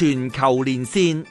全球連線，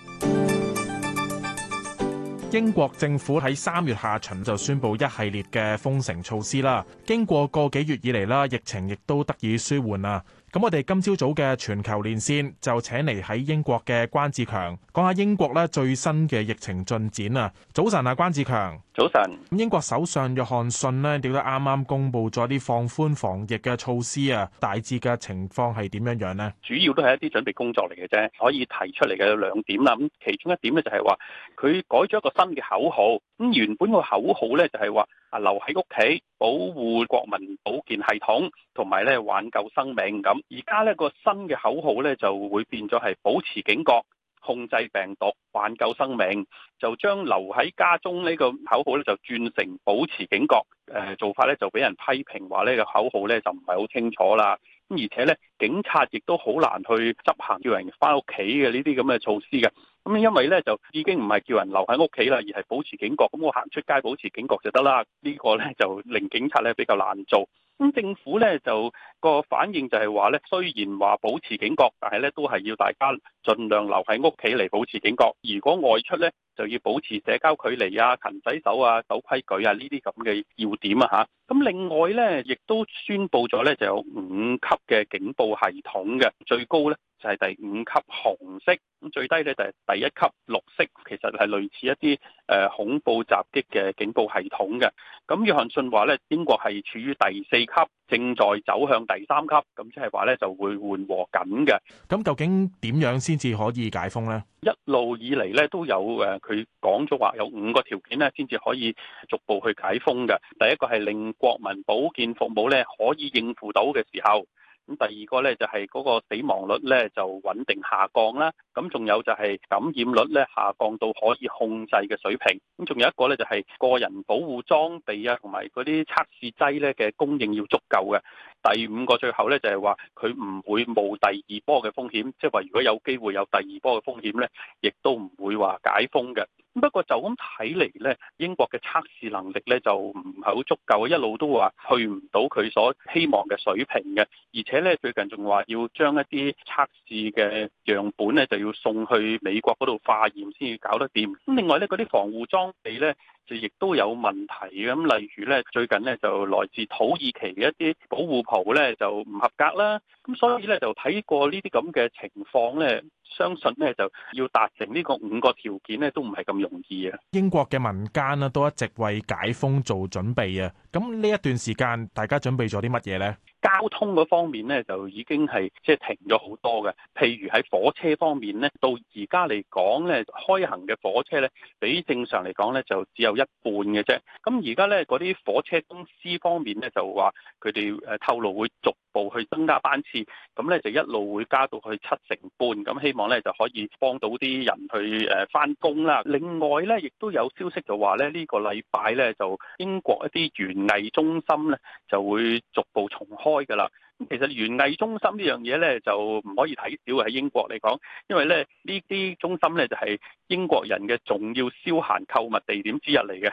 英國政府喺三月下旬就宣佈一系列嘅封城措施啦。經過個幾月以嚟啦，疫情亦都得以舒緩喇。咁我哋今朝早嘅全球連線就請嚟，喺英國嘅關志強講下英國咧最新嘅疫情進展啊！早晨啊，關志強，早晨。英國首相約翰遜呢，調得啱啱公布咗啲放寬防疫嘅措施啊，大致嘅情況係點樣樣呢？主要都係一啲準備工作嚟嘅啫，可以提出嚟嘅有兩點啦。咁其中一點咧就係話佢改咗一個新嘅口號。咁原本個口號咧就係話啊留喺屋企保護國民保健系統，同埋咧挽救生命咁。而家咧個新嘅口號咧就會變咗係保持警覺，控制病毒，挽救生命。就將留喺家中呢個口號咧就轉成保持警覺。誒，做法咧就俾人批評話呢個口號咧就唔係好清楚啦。而且咧，警察亦都好難去執行叫人返屋企嘅呢啲咁嘅措施嘅。咁因為咧就已經唔係叫人留喺屋企啦，而係保持警覺。咁我行出街保持警覺就得啦。呢個咧就令警察咧比較難做。咁政府咧就個反應就係話咧，雖然話保持警覺，但係咧都係要大家盡量留喺屋企嚟，保持警覺。如果外出咧，就要保持社交距離啊、勤洗手啊、守規矩啊呢啲咁嘅要點啊吓。咁另外咧，亦都宣布咗咧，就有五級嘅警報系統嘅，最高咧就係、是、第五級紅色，咁最低咧就係、是、第一級綠色。其實係類似一啲誒、呃、恐怖襲擊嘅警報系統嘅。咁約翰遜話咧，英國係處於第四級，正在走向第三級，咁即係話咧就會緩和緊嘅。咁究竟點樣先至可以解封呢？一路以嚟，咧都有誒，佢講咗話有五個條件咧先至可以逐步去解封嘅。第一個係令國民保健服務咧可以應付到嘅時候。咁第二個咧就係嗰個死亡率咧就穩定下降啦，咁仲有就係感染率咧下降到可以控制嘅水平，咁仲有一個咧就係個人保護裝備啊同埋嗰啲測試劑咧嘅供應要足夠嘅。第五個最後咧就係話佢唔會冒第二波嘅風險，即係話如果有機會有第二波嘅風險咧，亦都唔會話解封嘅。不過就咁睇嚟呢，英國嘅測試能力呢就唔係好足夠，一路都話去唔到佢所希望嘅水平嘅，而且呢，最近仲話要將一啲測試嘅樣本呢就要送去美國嗰度化驗先要搞得掂。另外呢，嗰啲防護裝備呢。亦都有問題。咁，例如咧最近咧就來自土耳其嘅一啲保護袍咧就唔合格啦，咁所以咧就睇過呢啲咁嘅情況咧，相信咧就要達成呢個五個條件咧都唔係咁容易啊！英國嘅民間咧都一直為解封做準備啊！咁呢一段時間，大家準備咗啲乜嘢咧？交通嗰方面咧，就已經係即係停咗好多嘅。譬如喺火車方面咧，到而家嚟講咧，開行嘅火車咧，比正常嚟講咧，就只有一半嘅啫。咁而家咧，嗰啲火車公司方面咧，就話佢哋誒透露會逐步去增加班次，咁咧就一路會加到去七成半。咁希望咧就可以幫到啲人去誒返工啦。另外咧，亦都有消息就話咧，呢個禮拜咧就英國一啲園藝中心咧就會逐步重開。開噶啦，咁其實園藝中心呢樣嘢咧就唔可以睇少喺英國嚟講，因為咧呢啲中心咧就係英國人嘅重要消閒購物地點之一嚟嘅。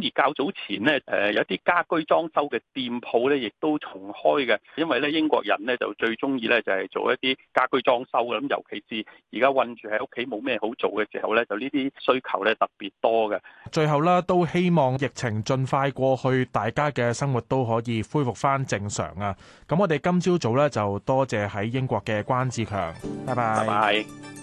而較早前呢，誒、呃、有啲家居裝修嘅店鋪呢，亦都重開嘅，因為呢，英國人呢，就最中意呢，就係、是、做一啲家居裝修嘅，咁尤其是而家困住喺屋企冇咩好做嘅時候呢，就呢啲需求呢，特別多嘅。最後呢，都希望疫情盡快過去，大家嘅生活都可以恢復翻正常啊！咁我哋今朝早呢，就多謝喺英國嘅關志強，拜拜。拜拜。